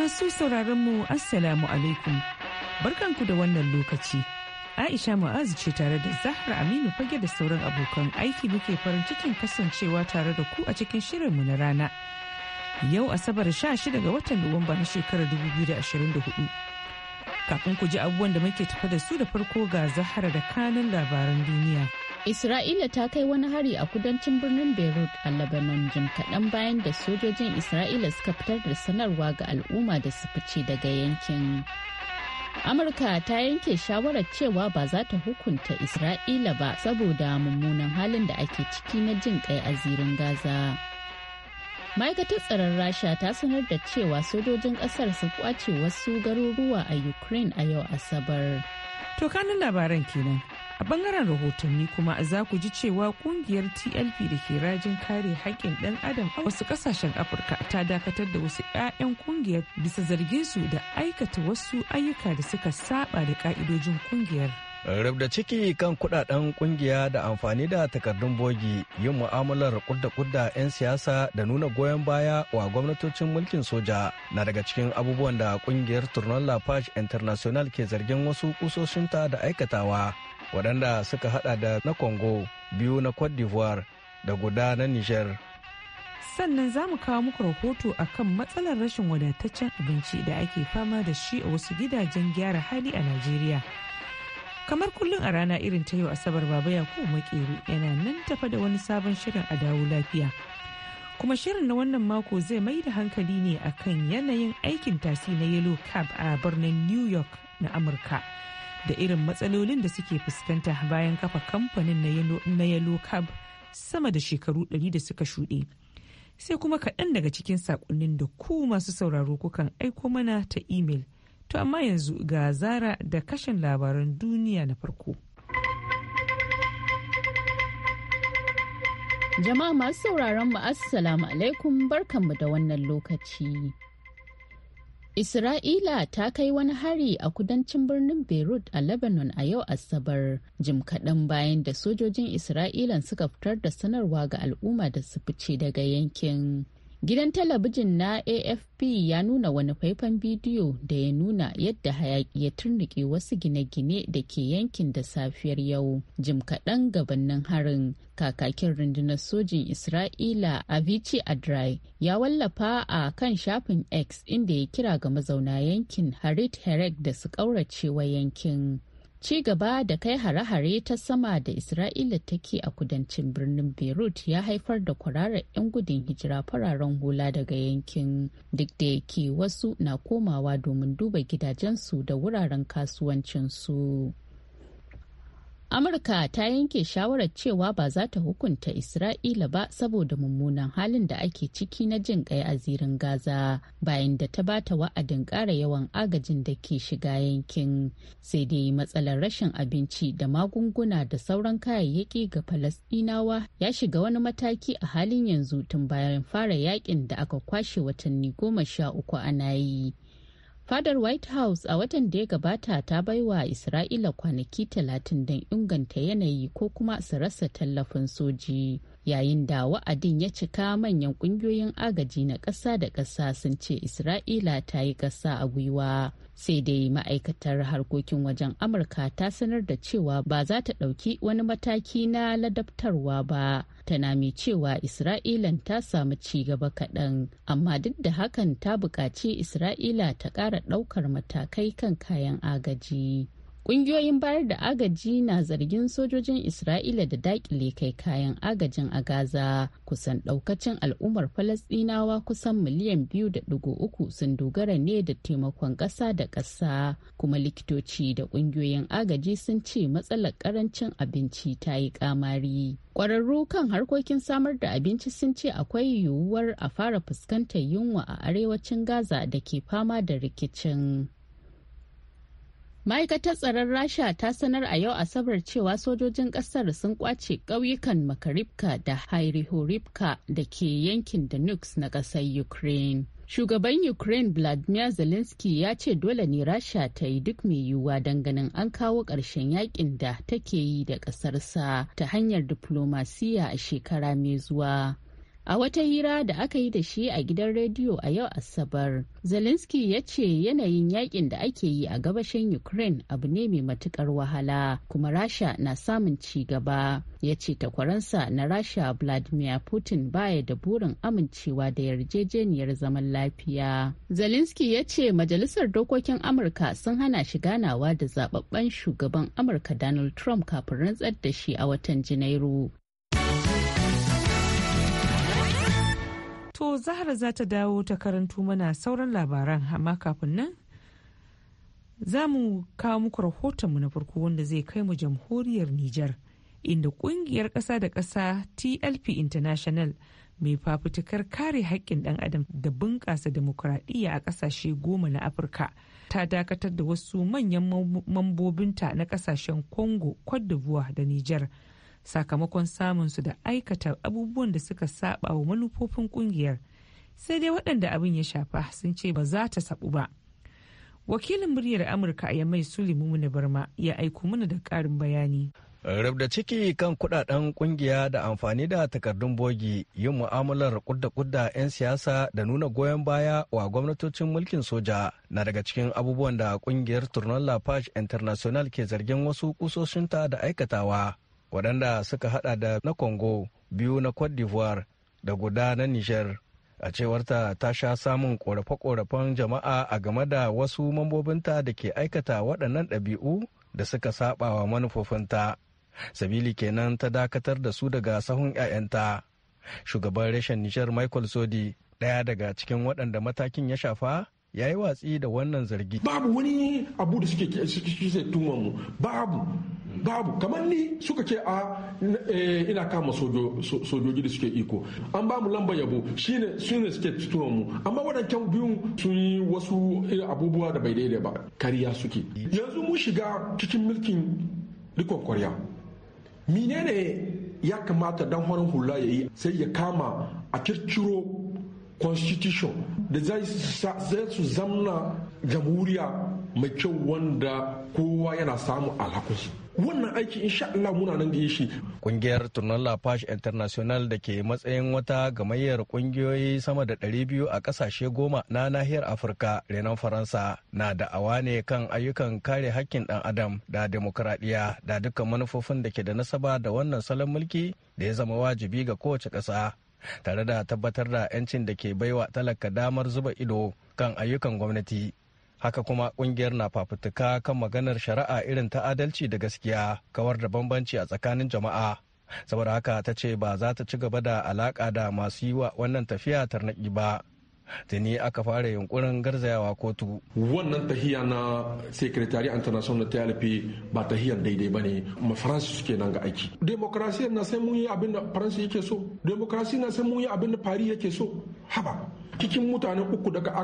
Masu sauraron mu Assalamu alaikum. Barkanku da wannan lokaci. Aisha Mu'azu ce tare da Zahra Aminu fage da sauran abokan aiki muke farin cikin kasancewa tare da ku a cikin shirinmu na rana. Yau Asabar 16 ga watan Nuwamba na shekarar 2024. Kafin ku ji abubuwan da muke tafa da su da farko ga Zahra da kanin labaran duniya. Isra'ila ta kai wani hari a kudancin birnin Beirut a Lebanon jim kaɗan bayan da sojojin Isra'ila suka fitar da sanarwa ga al'umma da su fice daga yankin. Amurka ta yanke shawarar cewa ba za ta hukunta Isra'ila ba saboda mummunan halin da ake ciki na jin kai a zirin Gaza. ma'aikatar tsaron rasha ta sanar da cewa sojojin ƙasar su ƙwace wasu garuruwa a ukraine a yau asabar To kanin labaran kenan. A bangaren rahotanni kuma za ku ji cewa kungiyar TLP da ke rajin kare haƙƙin ɗan adam a wasu ƙasashen Afirka ta dakatar da wasu 'ya'yan kungiyar bisa zargin su da aikata wasu ayyuka da suka saba da ƙa'idojin kungiyar. rabda ciki kan kudaden kungiya da amfani da takardun bogi yin mu'amalar kudda-kudda 'yan siyasa da nuna goyon baya wa gwamnatocin mulkin soja na daga cikin abubuwan da kungiyar turnon lafash international ke zargin wasu kusoshinta da aikatawa waɗanda suka hada da na congo biyu na cote d'ivoire da guda na niger sannan za mu kawo muku rahoto a kan matsalar rashin wadataccen abinci da ake fama da shi a wasu gidajen gyara hali a najeriya kamar kullum a rana irin ta yau asabar baba yakubu makeru yana nan tafa da wani sabon shirin a dawo lafiya kuma shirin na wannan mako zai mai da hankali ne akan yanayin aikin tasi na yellow cab a birnin new york na amurka da irin matsalolin da suke fuskanta bayan kafa kamfanin na yellow cab sama da shekaru 100 da suka shuɗe sai kuma kaɗan daga cikin saƙonnin da ku masu sauraro kukan aiko mana ta imel. To amma yanzu ga zara da kashin labaran duniya na farko. Jama'a masu sauraron mu assalamu alaikum barkanmu da wannan lokaci. Isra'ila ta kai wani hari a kudancin birnin Beirut a Lebanon a yau Asabar, jim kaɗan bayan da sojojin Isra'ilan suka fitar da sanarwa ga al'umma da su fice daga yankin. Gidan talabijin na AFP ya nuna wani faifan bidiyo da ya nuna yadda hayaki ya turnike wasu gine-gine da ke yankin da safiyar yau. Jim kaɗan gabanin harin kakakin rundunar sojin Isra'ila Avicii Adrai ya wallafa a kan shafin X inda ya kira ga mazauna yankin Harit Herek da su ƙauracewa yankin. ci gaba da kai hare-hare ta sama da isra'ila take a kudancin birnin beirut ya haifar da kwararar 'yan gudun hijira fararen hula daga yankin duk da yake wasu na komawa domin duba gidajensu da wuraren kasuwancinsu amurka ta yanke shawarar cewa ba za ta hukunta isra'ila ba saboda mummunan halin da ake ciki na jin kai a zirin gaza bayan da ta bata wa'adin ƙara yawan agajin da ke shiga yankin sai dai matsalar rashin abinci da magunguna da sauran kayayyaki ga falasɗinawa ya shiga wani mataki a halin yanzu tun bayan fara yakin da aka kwashe watanni goma sha uku ana yi fadar white house a watan da ya gabata ta bai wa isra'ila kwanaki talatin don inganta yanayi ko kuma su rasa tallafin soji yayin da wa'adin ya cika manyan kungiyoyin agaji na ƙasa da ƙasa sun ce isra'ila ta yi ƙasa a gwiwa sai dai ma'aikatar harkokin wajen amurka ta sanar da cewa ba za ta ɗauki wani mataki na ladabtarwa ba tana mai cewa isra'ilan ta samu ci gaba kaɗan amma duk da hakan ta buƙaci isra'ila ta ƙara ɗaukar matakai kan kayan agaji Ƙungiyoyin bayar da agaji na zargin sojojin Isra'ila da daƙile kai kayan agajin a Gaza kusan ɗaukacin al'ummar Falasɗinawa kusan miliyan biyu da ɗigo uku sun dogara ne da taimakon ƙasa da ƙasa kuma likitoci da ƙungiyoyin agaji sun ce matsalar ƙarancin abinci ta yi ƙamari. Ƙwararru kan harkokin samar da abinci sun ce akwai yiwuwar a fara fuskantar yunwa a arewacin gaza da ke fama da rikicin ma'aikatar tsaron rasha ta sanar a yau asabar cewa sojojin kasar sun kwace ƙauyukan makaribka da hairihoribka da ke yankin danux na ƙasar ukraine shugaban ukraine vladimir zelensky ya ce dole ne rasha ta yi duk mai yiwuwa ganin an kawo ƙarshen yakin da take yi da ƙasarsa ta hanyar diplomasiya a shekara mai zuwa A wata hira da aka yi da shi a gidan rediyo a yau Asabar, Zelensky ya ce yanayin yakin da ake yi a gabashin Ukraine abu ne mai matukar wahala, kuma Rasha na samun ci gaba. Ya ce takwaransa na Rasha Vladimir Putin baya da burin amincewa da yarjejeniyar zaman lafiya. Zelensky ya ce Majalisar Dokokin Amurka sun hana shi ganawa da zababben shugaban Amurka Donald Trump kafin rantsar da shi a watan Janairu. To Zahra za ta dawo ta karantu mana sauran labaran amma kafin nan za mu kawo muku rahotonmu na farko wanda zai kai mu jamhuriyar Nijar inda kungiyar ƙasa da ƙasa TLP International mai fafutukar kare haƙƙin ɗan adam da bunƙasa demokuraɗiyya a ƙasashe goma na Afirka ta dakatar da wasu manyan mambobinta na ƙasashen Congo, Cote da Nijar. sakamakon samunsu da aikata abubuwan da suka saba wa manufofin kungiyar sai dai waɗanda abin ya shafa sun ce ba za ta saɓu ba wakilin muryar amurka a yamai sulimu barma ya aiko mana da ƙarin bayani rabda ciki kan kudaden kungiya da amfani da takardun bogi yin mu'amalar kudda-kudda 'yan siyasa da nuna goyon baya wa gwamnatocin mulkin soja na daga cikin abubuwan da kungiyar turnon lafash international ke zargin wasu kusoshinta da aikatawa waɗanda suka hada da na congo biyu na cote d'ivoire da guda na niger a cewarta ta sha samun korafe-korafen jama'a a game da wasu mambobinta da ke aikata waɗannan ɗabi'u da suka saba wa manufofinta sabili kenan ta dakatar da su daga sahun 'ya'yanta shugaban reshen niger michael sodi ɗaya daga cikin waɗanda matakin ya shafa ya yi watsi da wannan zargi babu wani abu da suke tuma mu babu babu kamar ni suka ce a ah, eh, ina kama sojoji da suke iko an ba mu lamba yabo shine shine suke tutuwan mu amma waɗancan biyun sun yi wasu eh, abubuwa da bai daidai ba kariya suke yanzu mun shiga cikin mulkin rikon kwarya menene ya kamata dan horon hula ya yi sai ya kama a kirciro constitution da zai su zamna jamhuriya mai kyau wanda kowa yana samu alhakunsu wannan aiki insha Allah muna nan da shi kungiyar Tournoi La International da ke matsayin wata gamayyar kungiyoyi sama da 200 a kasashe goma na nahiyar Afirka renon Faransa na da awa ne kan ayyukan kare hakkin dan adam da demokradiyya da dukkan manufofin da ke da nasaba da wannan salon mulki da ya zama wajibi ga kowace ƙasa tare da tabbatar da 'yancin da ke baiwa talaka damar zuba ido kan ayyukan gwamnati haka kuma kungiyar na fafutuka kan maganar shari'a irin ta adalci da gaskiya kawar da bambanci a tsakanin jama'a saboda haka ta ce ba za ta ci gaba da alaka da masu yi wa wannan tafiya tarnaki ba tuni aka fara yunkurin garzayawa kotu. Wannan tahiya na sekretari international ta yalfi ba tahiyar daidai ba ne, ma Faransa suke nan ga aiki. demokrasiyar na sai mun yi abin da Faransa yake so, demokrasiyar na sai mun yi abin da Fari yake so. haba cikin mutane uku daga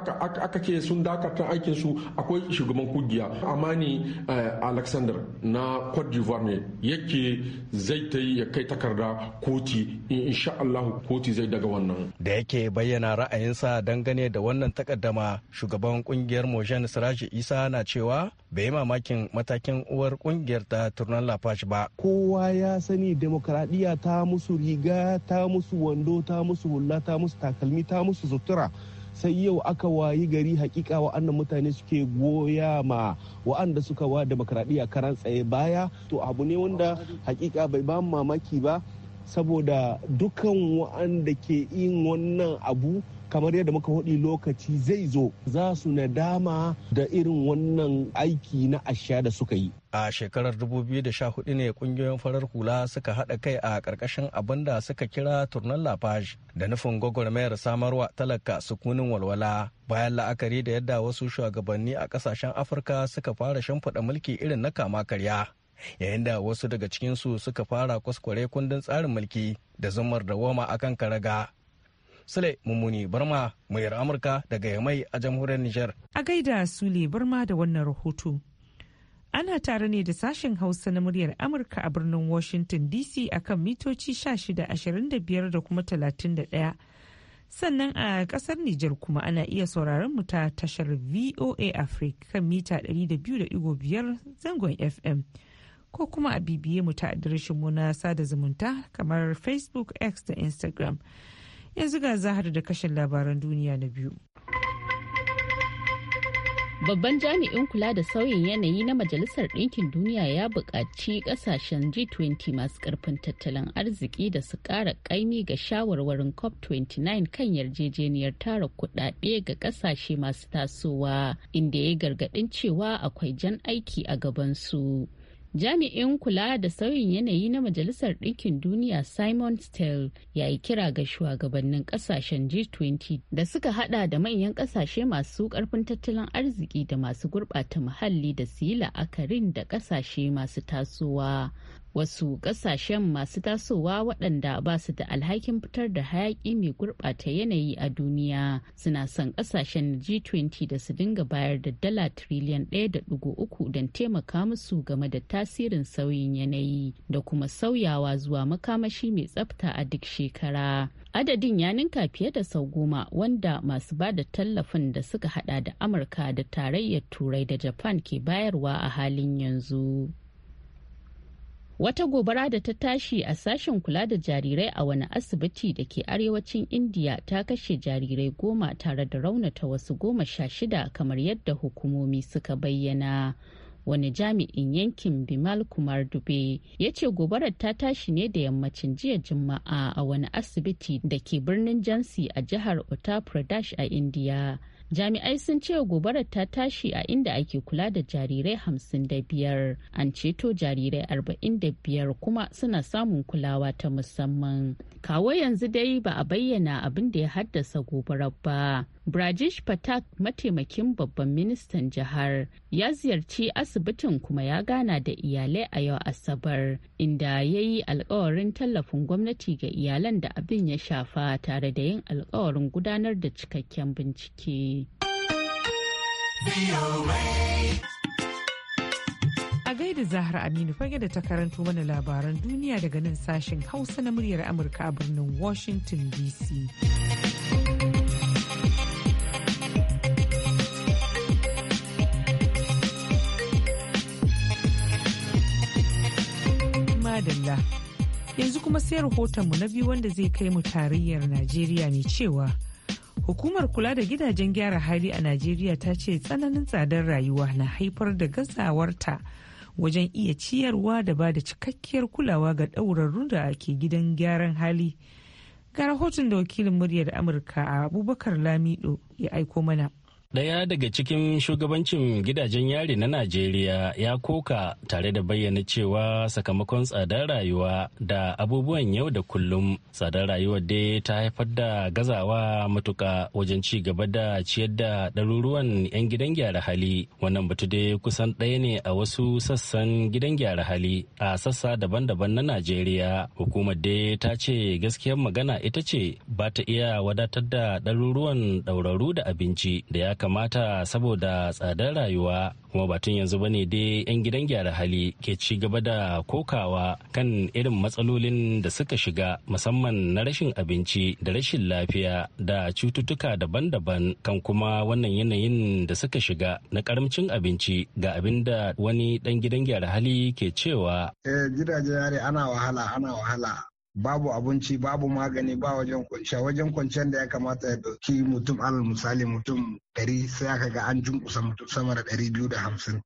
aka ce sun dakata aikin su akwai shugaban kungiya amani eh, alexander na cote d'ivoire ne yake zai ta yi ya kai takarda koti insha allahu koti zai daga wannan da yake bayyana ra'ayinsa dangane da wannan takaddama shugaban kungiyar mojan siraji isa na cewa bai mamakin matakin uwar kungiyar ta turnan lafash ba kowa ya sani demokradiyya ta musu riga ta musu wando ta musu hula ta musu takalmi ta ta musu sutura sai yau aka wayi gari hakika wa'annan mutane suke goya ma wa'anda suka wa demokradiyya karan tsaye baya to abu ne wanda hakika bai ba mamaki ba saboda dukan wa'anda ke yin wannan abu kamar yadda muka hudi lokaci zai zo za su nadama da irin wannan aiki na asha da suka yi a shekarar 2014 ne kungiyoyin farar hula suka haɗa kai a ƙarƙashin abin da suka kira turnan lafash da nufin gwagwarmayar samarwa talaka sukunin walwala bayan la'akari da yadda wasu shugabanni a ƙasashen afirka suka fara shimfiɗa mulki irin na kama karya yayin da wasu daga cikinsu suka fara kwaskware kundin tsarin mulki da zumar da woma akan karaga Sule Mummuni Barma muryar Amurka daga Yamai a jamhuriyar Nijar. A gaida Sule Barma da wannan rahoto. Ana tare ne da sashen Hausa na muryar Amurka a birnin Washington DC akan mitoci 1625 da kuma 31. Sannan a kasar Nijar kuma ana iya sauraron mu ta tashar VOA Africa kan mita 200.5 zangon FM. ko kuma a bibiye mu ta adireshin mu na sada zumunta kamar facebook x da instagram yanzu ga zahar da kashin labaran duniya na biyu. Babban jami'in kula da sauyin yanayi na Majalisar Ɗinkin Duniya ya buƙaci ƙasashen G20 masu ƙarfin tattalin arziki da su ƙara ƙaimi ga shawarwarin COP29 kan yarjejeniyar tara kuɗaɗe ga ƙasashe masu tasowa, inda ya gargaɗin cewa akwai jan aiki a gabansu. jami'in kula da sauyin yanayi na majalisar ɗinkin duniya simon stell ya yi kira ga shugabannin ƙasashen g20 da suka hada da manyan ƙasashe masu ƙarfin tattalin arziki da masu gurɓata muhalli da su yi la'akarin da ƙasashe masu tasowa wasu ƙasashen masu tasowa waɗanda ba su da alhakin fitar da hayaƙi mai gurɓata yanayi a duniya suna son ƙasashen G20 da su dinga bayar da dala triliyan uku don taimaka musu game da tasirin sauyin yanayi da kuma sauyawa zuwa makamashi mai tsafta a duk shekara. Adadin ya ninka fiye da sau goma wanda masu ba da tallafin da suka hada da Amurka da tarayyar Turai da Japan ke bayarwa a halin yanzu. Wata gobara da ta tashi a sashen kula da jarirai a wani asibiti da ke arewacin Indiya ta kashe jarirai goma tare da raunata wasu goma sha shida kamar yadda hukumomi suka bayyana. Wani jami'in yankin Bimal Kumar Dube ya ce gobarar ta tashi ne da yammacin jiya Juma'a a wani asibiti da ke birnin Jansi a jihar Uttar Pradesh a Indiya. jami'ai sun ce gobarar ta tashi a inda ake kula da jarirai hamsin da biyar an ceto jarirai arba'in da biyar kuma suna samun kulawa ta musamman kawo yanzu dai ba a bayyana abin da ya haddasa gobarar ba Brajish Patak mataimakin babban ministan jihar ya ziyarci asibitin kuma ya gana da iyalai a yau Asabar inda ya yi alkawarin tallafin gwamnati ga iyalan da abin ya shafa tare da yin alkawarin gudanar da cikakken bincike. A gaida Zahra Aminu fage da ta karanto mana labaran duniya daga nan sashen Hausa na muryar Amurka a birnin Washington DC. Madalla. Yanzu kuma sai rahotonmu na biyu wanda zai kai mu tarayyar Najeriya ne cewa Hukumar kula da gidajen gyara hali a Najeriya ta ce tsananin tsadar rayuwa na haifar da gazawarta wajen iya ciyarwa da ba da cikakkiyar kulawa ga ɗaurarrun da ke gidan gyaran hali. Ga rahoton da wakilin muryar Amurka a Abubakar Lamido ya aiko mana. Daya daga cikin shugabancin gidajen yari na Najeriya ya koka tare da bayyana cewa sakamakon tsadar rayuwa da abubuwan yau da kullum tsadar rayuwar dai ta haifar da gazawa matuka wajen ci gaba da ciyar da ɗaruruwan 'yan gidan gyara hali. Wannan batu dai kusan ɗaya ne a wasu sassan gidan gyara hali a sassa daban-daban na Najeriya. Hukumar dai ta ce gaskiyar magana ita ce ba ta iya wadatar da ɗaruruwan ɗauraru da abinci da ya kamata saboda tsadar rayuwa kuma batun yanzu bane dai 'yan gidan gyara hali ke ci gaba da kokawa kan irin matsalolin da suka shiga musamman na rashin abinci da rashin lafiya da cututtuka daban-daban kan kuma wannan yanayin da suka shiga na karamcin abinci ga abin da wani dan gidan gyara hali ke cewa. Eh, gidaje yare ana wahala ana wahala babu abinci babu magani ba wajen kwanciya wajen kwanciyar da ya kamata ya dauki mutum alal misali mutum 100 sai aka ga an kusa mutum sama da ɗari biyu da hamsin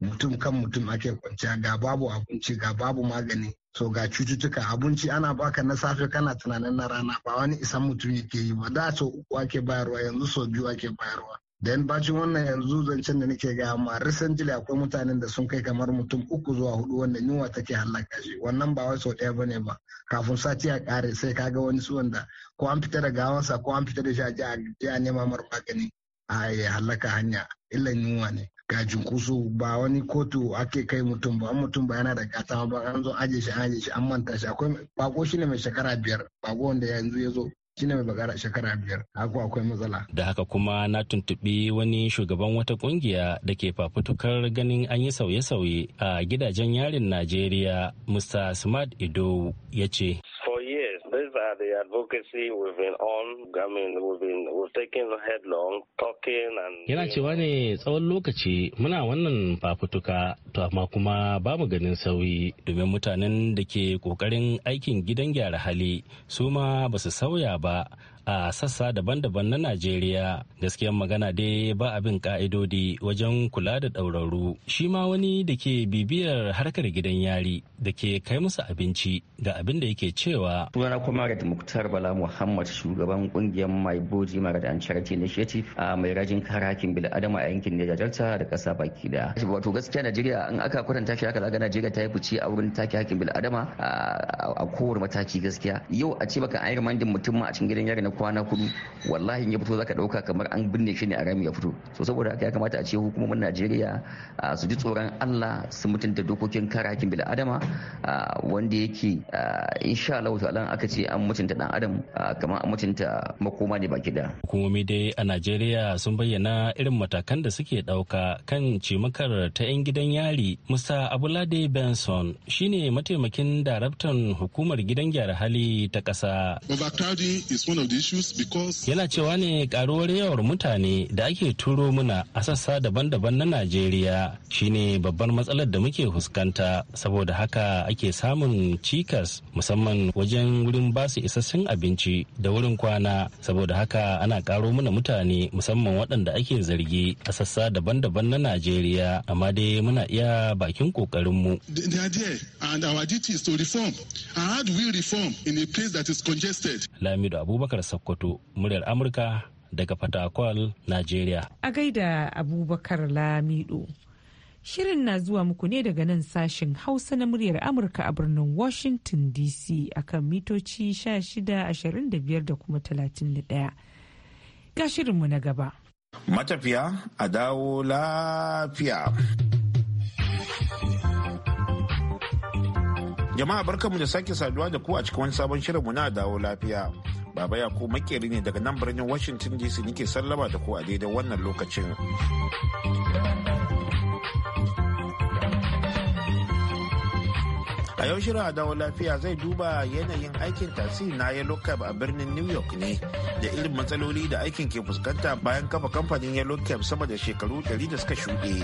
mutum kan mutum ake kwanciya ga babu abinci ga babu magani so ga cututtuka abinci ana baka na safe kana tunanin na rana ba wani isan mutum yake yi ba da so uku ake bayarwa yanzu so biyu ake bayarwa dan bacin wannan yanzu zancen da nake gaya amma recently akwai mutanen da sun kai kamar mutum uku zuwa hudu wanda yunwa take hallaka shi wannan ba wai sau daya bane ba kafin sati ya kare sai ka ga wani su wanda ko an fita da gawansa ko an fita da shi a je a nema mar a ya halaka hanya illan yunwa ne ga jinkusu ba wani kotu ake kai mutum ba mutum ba yana da gata ba an zo aje shi an aje shi an manta shi akwai bako shi ne mai shekara biyar bako wanda yanzu ya zo shine mai a shekara biyar haka akwai matsala da haka kuma na tuntuɓi wani shugaban wata kungiya da ke fafutukar ganin an yi sauye-sauye a gidajen yarin najeriya mr smart ido ya ce Yana cewa ne tsawon lokaci muna wannan fafutuka, to amma kuma ba mu ganin sauyi domin mutanen da ke kokarin aikin gidan gyara hali su ma ba su sauya ba a sassa daban-daban na najeriya gaskiyar magana dai ba abin ka'idodi wajen kula da ɗauraru shi ma wani da ke bibiyar harkar gidan yari da ke kai musu abinci ga abin da yake cewa sunana kuma da muktar bala muhammad shugaban ƙungiyar mai boji mara da charity initiative a mai rajin kare hakkin bil'adama a yankin niger delta da ƙasa baki da wato gaskiya najeriya in aka kwatanta shi aka zaga najeriya ta yi fice a wurin take hakkin bil'adama a kowar mataki gaskiya yau a ce baka an yi mutum ma a cikin gidan yari na kwana kudu wallahi in ya fito zaka dauka kamar an binne shi ne a rami ya fito so saboda haka ya kamata a ce hukumomin Najeriya su ji tsoron Allah su mutunta dokokin kare hakkin bil adama wanda yake insha Allah ta'ala aka ce an mutunta dan adam kamar an mutunta makoma ne baki da hukumomi dai a Najeriya sun bayyana irin matakan da suke dauka kan cimakar ta 'yan gidan yari Musa Abulade Benson shine mataimakin daraktan hukumar gidan gyara hali ta kasa. Yana cewa ne karuwar yawar mutane da ake turo muna a sassa daban-daban na Najeriya shine babbar matsalar da muke fuskanta saboda haka ake samun cikas musamman wajen wurin basu isassun abinci da wurin kwana saboda haka ana karo muna mutane musamman waɗanda ake zargi a sassa daban-daban na Najeriya amma dai muna iya bakin ƙoƙarinmu. Lamido Abubakar Sokoto, muryar Amurka daga Fatakwal, Najeriya. A gaida Abubakar Lamido. Shirin na zuwa muku ne daga nan sashen Hausa na muryar Amurka a birnin Washington DC a kan mitoci 1625 da kuma 31. Ga shirinmu na gaba. Matafiya a dawo lafiya. Jama'a barkanmu da sake saduwa da ku a cikin wani sabon shirinmu na dawo lafiya. Baba ya ko makeri ne daga nan birnin Washington DC nike sallama da ku a daidai wannan lokacin. yau shirin a lafiya zai duba yanayin aikin tasi na Yellow Cab a birnin New York ne da irin matsaloli da aikin ke fuskanta bayan kafa kamfanin Yellow Cab sama da shekaru 100 da suka shuɗe.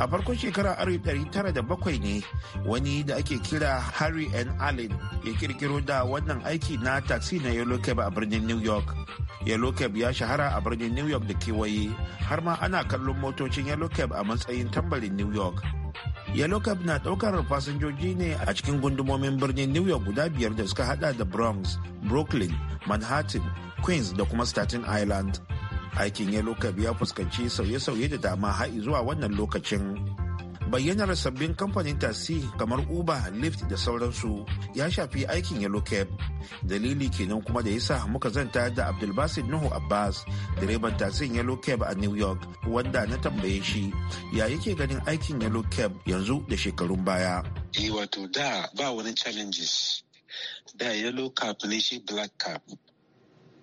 A farkon shekara 1907 ne wani da ake kira Harry and Allen ya kirkiro da wannan aiki na taxi na Yellow Cab a birnin New York. Yellow Cab ya shahara a birnin New York da kewaye har ma ana kallon motocin Yellow Cab a matsayin tambarin New York. yellow cab na ɗaukar fasinjoji ne a cikin gundumomin birnin new york guda biyar da suka hada da bronx brooklyn manhattan queens da kuma staten island aikin yellow cab ya fuskanci sauye-sauye da dama har zuwa wannan lokacin bayyanar sabbin kamfanin tasi kamar uber lyft da sauransu ya shafi aikin yellow cab dalili kenan kuma da yasa muka zanta da abdulbasir nuhu abbas direban tasin yellow cab a new york wanda na tambaye shi ya yake ganin aikin yellow cab yanzu da shekarun baya eh, wato da ba wani challenges da yellow cap ne shi black cap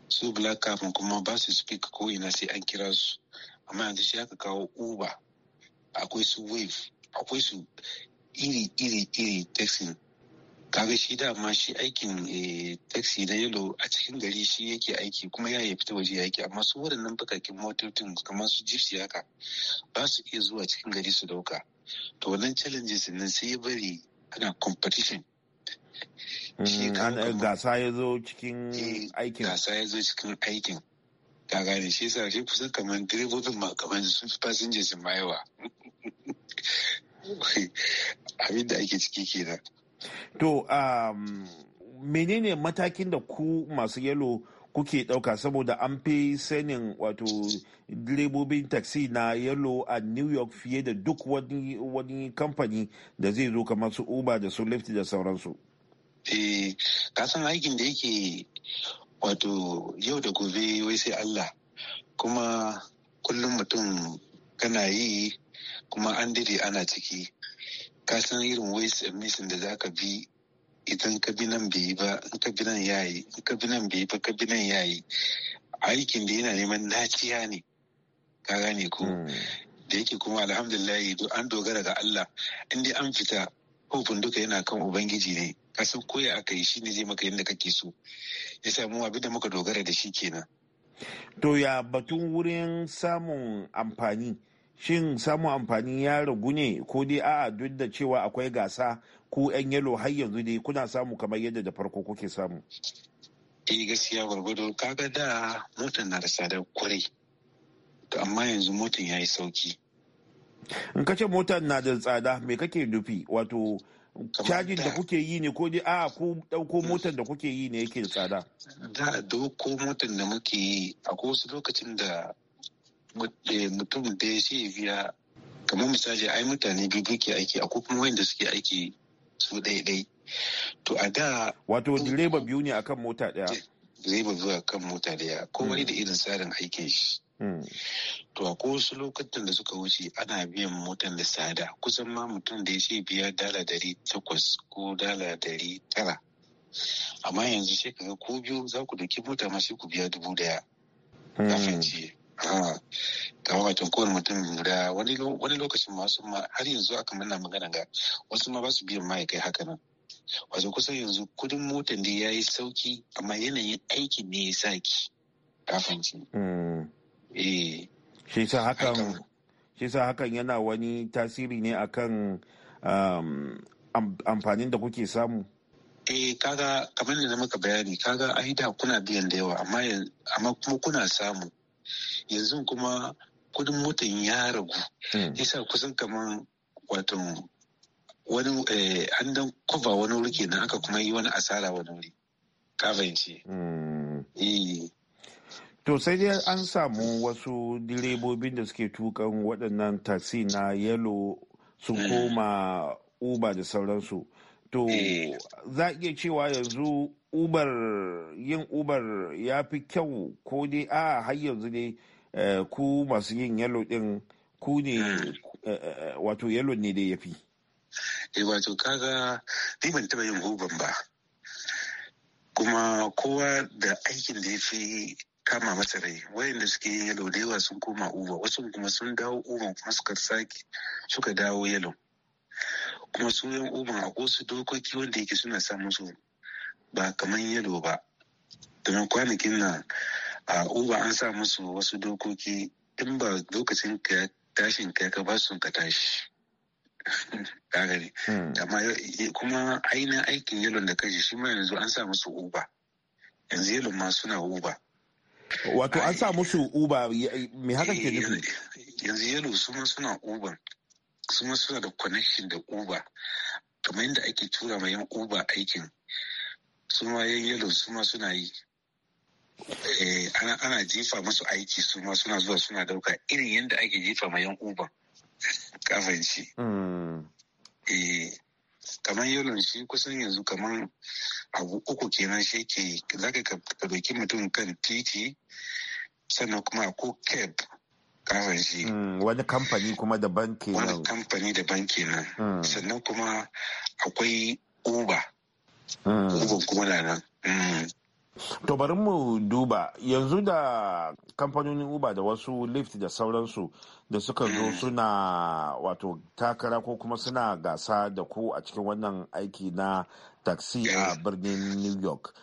su black cap kuma ba su speak ko ina sai an kira su amma yanzu shi aka kawo uber akwai su wave akwai su iri iri iri taxi kaga shi dama shi aikin eh, taxi na yalo a cikin gari shi yake aiki kuma ya fita waje ya aiki amma su waɗannan bakakin motocin kamar su gypsy haka ba su iya zuwa cikin gari su dauka to wannan challenges nan sai ya bari ana competition mm, gasa ya zo cikin eh, aikin gasa ya zo cikin aikin ka gane shi yasa shi kusan kamar direbobin ma kamar sun fi passengers ma yawa abin da ake ciki kenan to um, menene matakin da ku masu yalo kuke ɗauka saboda an fi sanin wato direbobin taxi na yalo a new york fiye da duk wani kamfani da zai zo kamar su uber da su lyft da sauransu eh kasan aikin da yake wato yau da gobe wai sai allah kuma kullum mutum kana yi kuma an dade ana ciki kasan irin ways and da da zaka bi idan ka bi nan bai yi ba in ka bi nan yayi in ka bi nan bai yi ba ka bi nan yayi aikin da yana neman naciya ne ka gane ko hmm. da yake kuma alhamdulillah an dogara ga Allah in dai an fita hukun duka yana kan ubangiji ne kasan koya aka yi ne zai maka yadda kake so ya samu abin da muka dogara da shi kenan to ya batun wurin samun amfani shin samun amfani ya ragu ne ko dai a'a duk da cewa akwai gasa ku 'yan yalo har yanzu dai kuna samu kamar yadda da farko kuke samu eh gaskiya gwargwado kaga da motar na da tsadar kwarai to amma yanzu motar ya yi sauki in kace motar na da tsada me kake nufi wato cajin da kuke yi ne ko dai a ku dauko mm. motar da kuke yi ne yake da tsada da dauko motar da muke yi a wasu lokacin da Eh, mutum da ya ce biya kamar misali ai mutane biyu ke aiki akwai kuma wanda suke aiki su ɗaiɗai to a da wato direba biyu ne akan mota ɗaya direba biyu akan mota ɗaya komai hmm. da irin tsarin aikin shi hmm. to a ko wasu lokutan da suka wuce ana biyan motan da tsada kusan ma mutum da ya ce biya dala dari takwas ko dala dari tara amma yanzu sai ko biyu za ku doki mota ma sai ku biya dubu daya kafin kamar ah, ah, wato kowane mutum guda wani lokacin masu ma har yanzu aka manna magana ga wasu ma ba su biyan kai haka nan wato kusan yanzu kudin motar da ya yi sauki amma yanayin aiki ne ya sa ki kafanci hmm. eh. shi sa hakan shi sa hakan yana wani tasiri ne akan um, amfanin da kuke samu eh kaga kamar da muka bayani kaga ai da kuna biyan da yawa amma kuma kuna samu yanzu kuma kudin motan ya ragu hmm. yasa kusan kamar wato wani eh, an dan kuba wani wuri kenan aka kuma yi wani asara wani wuri ka ce. Hmm. Eh. To sai dai an samu wasu direbobin da suke tukan waɗannan taxi na yalo sun hmm. koma uber da sauransu. To eh. za iya cewa yanzu uber yin uber ya fi kyau ko dai a har yanzu ne eh, ku masu yin yalo din ku ne hmm. eh, eh, wato yalo ne dai ya fi e wato kaga ni ban taba yin uber ba kuma kowa da aikin da ya fi kama masa rai wayanda suke yin yalo da yawa sun koma uber wasu kuma sun dawo uber kuma suka sake suka dawo yalo kuma su yan uber a wasu dokoki wanda yake suna samun su ba kamar yalo ba domin kwanakin nan a uber an sa musu wasu dokoki in ba lokacin ka tashin ka ka ba su ka tashi hmm. amma kuma ainihin aikin yalo da kashi shi ma yanzu an sa musu uba yanzu yalo ma suna uba wato an sa musu uba me haka ke eh, nufi yanzu yalo su ma suna uba su ma suna da connection da uba kamar yadda ake tura ma yan uba aikin su ma yan yalo su ma suna yi eh, ana jifa masu aiki su ma suna zuwa suna dauka irin yadda ake jifa ma yan uba kafanci hmm. eh, kamar yalon shi kusan yanzu kamar abu uku kenan shi ke zaka ka doki mutum kan titi sannan kuma ko keb kafin shi hmm, wani kamfani kuma da banki wani kamfani da banki nan hmm. sannan kuma akwai uber bugun mm. mm. To mu duba yanzu da kamfanonin Uber da wasu Lyft da sauransu da suka zo mm. suna wato takara ko kuma suna gasa da ku a cikin wannan aiki na taxi a birnin New York.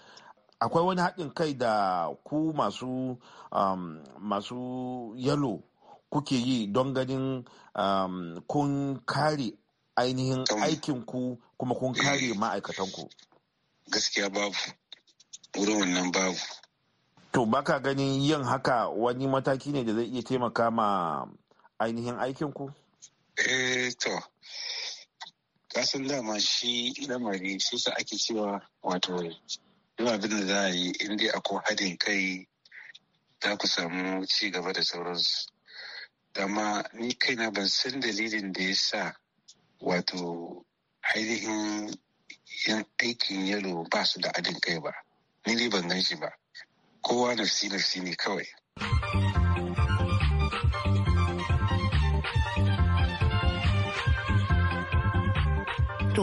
Akwai wani haɗin kai da ku masu um, masu yalo kuke yi don ganin um, kun kare ainihin aikinku kuma kun kare eh. ma'aikatanku. gaskiya babu wurin wannan babu to baka ganin yin haka wani mataki ne da zai iya taimaka ma ainihin aikin ku eh to kasan dama shi lamari su sa ake cewa wato duk abin da za a yi in dai akwai haɗin kai za ku samu ci gaba da sauransu dama ni kaina ban san dalilin da ya sa wato ainihin yan aikin yalo ba su da adin kai ba ni dai ban gan shi ba kowa nafsi nafsi ne kawai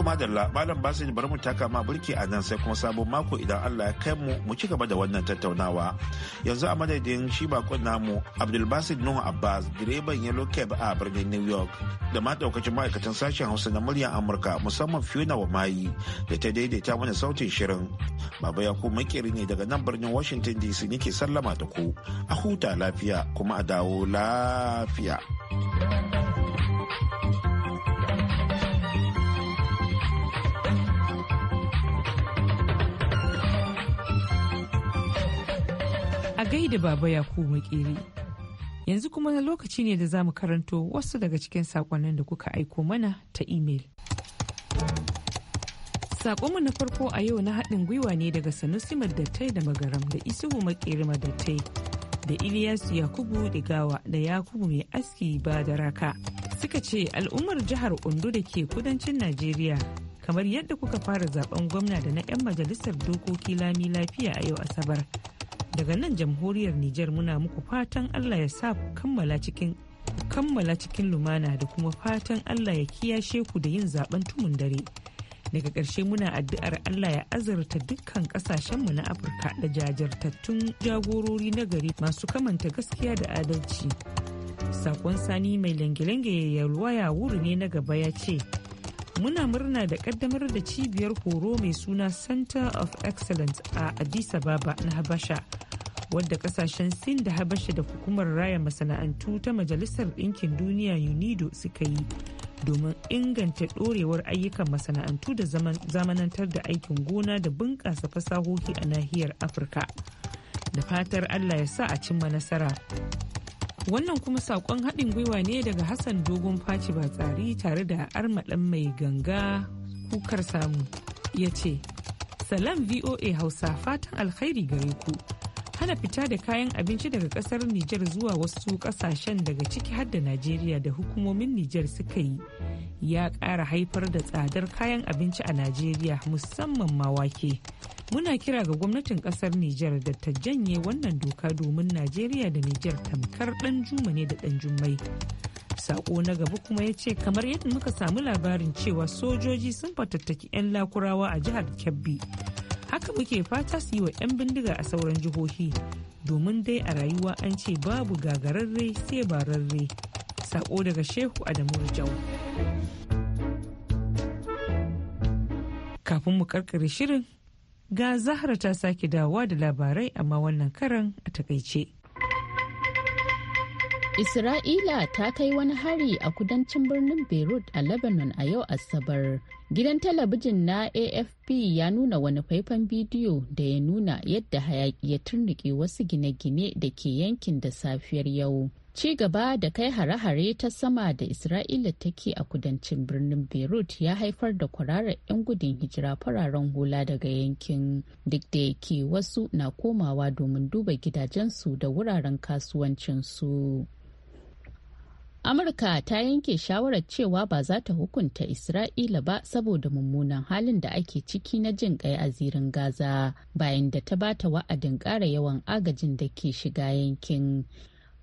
To madalla malam Basir bari mu taka ma burki a nan sai kuma sabon mako idan Allah ya kai mu mu ci gaba da wannan tattaunawa. Yanzu a madadin shi bakon namu Abdul Basir Nuhu Abbas direban Yellow Cab a birnin New York da ma daukacin ma'aikatan sashen Hausa na muryar Amurka musamman Fiona mayi da ta daidaita mana sautin shirin. Baba ya ku makeri ne daga nan birnin Washington DC nake sallama da ku. A huta lafiya kuma a dawo lafiya. thank you gaida baba yakubu makeri yanzu kuma na lokaci ne da za mu karanto wasu daga cikin sakonnin da kuka aiko mana ta imel. Sakonmu na farko a yau na haɗin gwiwa ne daga Sanusi Madattai da Magaram da Isuhu Makeri Madattai da iliyasu Yakubu Digawa da Yakubu Mai Aski ba da raka. Suka ce al'ummar jihar Ondo da ke kudancin Najeriya kamar yadda kuka fara zaben gwamna da na 'yan majalisar dokoki lami lafiya a yau Asabar. daga nan jamhuriyar Nijar muna muku fatan Allah ya sa kammala cikin kammala cikin lumana da kuma fatan Allah ya kiyashe ku da yin zaben tumun dare. Daga ƙarshe muna addu'ar Allah ya azurta dukkan ƙasashenmu na Afirka da jajirtattun jagorori na gari masu kamanta gaskiya da adalci. Sakon sani mai langilange ya wuri ne na gaba ya ce, muna murna da kaddamar da cibiyar horo mai suna center of excellence a addis ababa na habasha wadda kasashen sin da habasha da hukumar raya masana'antu ta majalisar ɗinkin duniya unido suka yi domin inganta ɗorewar ayyukan masana'antu da zamanantar da aikin gona da bunƙasa fasahohi a nahiyar afirka da fatar allah ya sa a cimma nasara Wannan kuma saƙon haɗin gwiwa ne daga Hassan Dogon Faci tsari tare da armaɗan mai ganga kukar samu ya ce, Salam VOA Hausa fatan alkhairi gare ku. hana fita da kayan abinci daga kasar Nijar zuwa wasu kasashen daga ciki har da Najeriya da hukumomin Nijar suka yi ya ƙara haifar da tsadar kayan abinci a Najeriya musamman ma wake. Muna kira ga gwamnatin kasar Nijar da ta janye wannan doka domin Najeriya da Nijar tamkar ɗan juma ne da ɗan jummai. Sako na gaba kuma ya ce kamar yadda muka samu labarin cewa sojoji sun fatattaki 'yan lakurawa a jihar Kebbi. haka muke fata su yi wa 'yan bindiga a sauran jihohi domin dai a rayuwa an ce babu gagararre sai bararre sako daga shehu adamu rijau kafin mu karkare shirin ga zahra ta sake dawa da labarai amma wannan karan a takaice. Isra'ila ta kai wani hari a kudancin birnin Beirut a Lebanon a yau Asabar. Gidan talabijin na AFP ya nuna wani faifan bidiyo da ya nuna yadda hayaki ya turnike wasu gine-gine da ke yankin da safiyar yau. ci gaba da kai hare-hare ta sama da isra'ila take a kudancin birnin beirut ya haifar da kwararar 'yan gudun hijira fararen hula daga yankin duk da yake wasu na komawa domin duba gidajensu da wuraren kasuwancinsu amurka ta yanke shawarar cewa ba za ta hukunta isra'ila ba saboda mummunan halin da ake ciki na jin kai a zirin gaza bayan da ta bata wa'adin kara yawan agajin da ke shiga yankin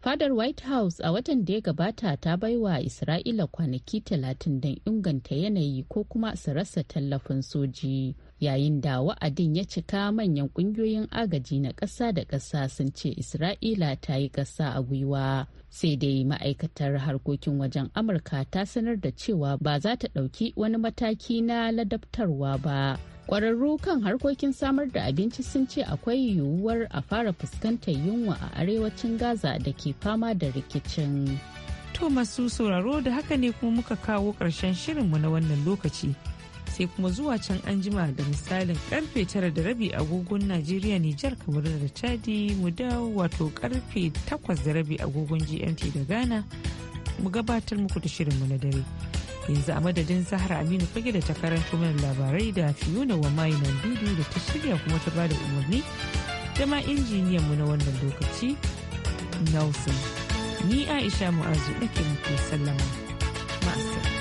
fadar white house a watan da ya gabata ta bai wa isra'ila kwanaki talatin don inganta yanayi ko kuma su rasa tallafin soji yayin da wa'adin ya cika manyan kungiyoyin agaji na ƙasa da ƙasa sun ce isra'ila ta yi ƙasa a gwiwa sai dai ma'aikatar harkokin wajen amurka ta sanar da cewa ba za ta ɗauki wani mataki na ladabtarwa ba Kwararru kan harkokin samar da abinci sun ce akwai yiwuwar a fara fuskantar yunwa a arewacin Gaza da ke fama da rikicin. To masu sauraro da haka ne kuma muka kawo ƙarshen shirinmu na wannan lokaci. sai kuma zuwa can anjima da misalin karfe tara da rabi agogon najeriya nijar kamar da chadi mu dawo wato karfe takwas da rabi agogon gmt da ghana mu gabatar muku da shirinmu na dare yanzu a madadin zahra aminu fage da takarar mana labarai da fiona wa mai nan dudu da ta shirya kuma ta bada umarni da ma injiniyan mu na wannan lokaci nelson ni aisha mu'azu nake muke sallama ma'asar